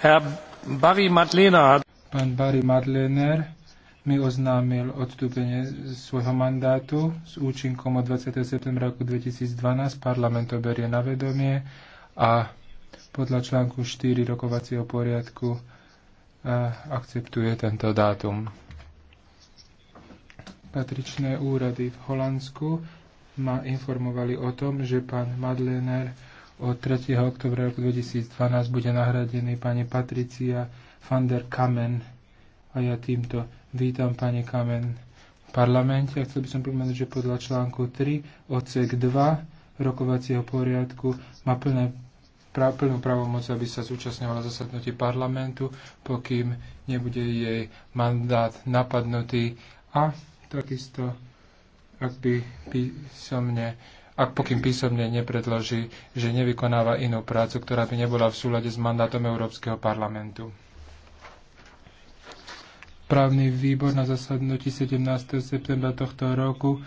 Pán Barry Madlener mi oznámil odstúpenie svojho mandátu s účinkom od 20. septembra roku 2012. Parlament to berie na vedomie a podľa článku 4 rokovacieho poriadku eh, akceptuje tento dátum. Patričné úrady v Holandsku ma informovali o tom, že pán Madlener od 3. oktobra roku 2012 bude nahradený pani Patricia van der Kamen a ja týmto vítam pani Kamen v parlamente. A chcel by som pripomenúť, že podľa článku 3 odsek 2 rokovacieho poriadku má plné plnú pravomoc, aby sa zúčastňovala zasadnutí parlamentu, pokým nebude jej mandát napadnutý a takisto, ak by písomne ak pokým písomne nepredloží, že nevykonáva inú prácu, ktorá by nebola v súlade s mandátom Európskeho parlamentu. Právny výbor na zasadnutí 17. septembra tohto roku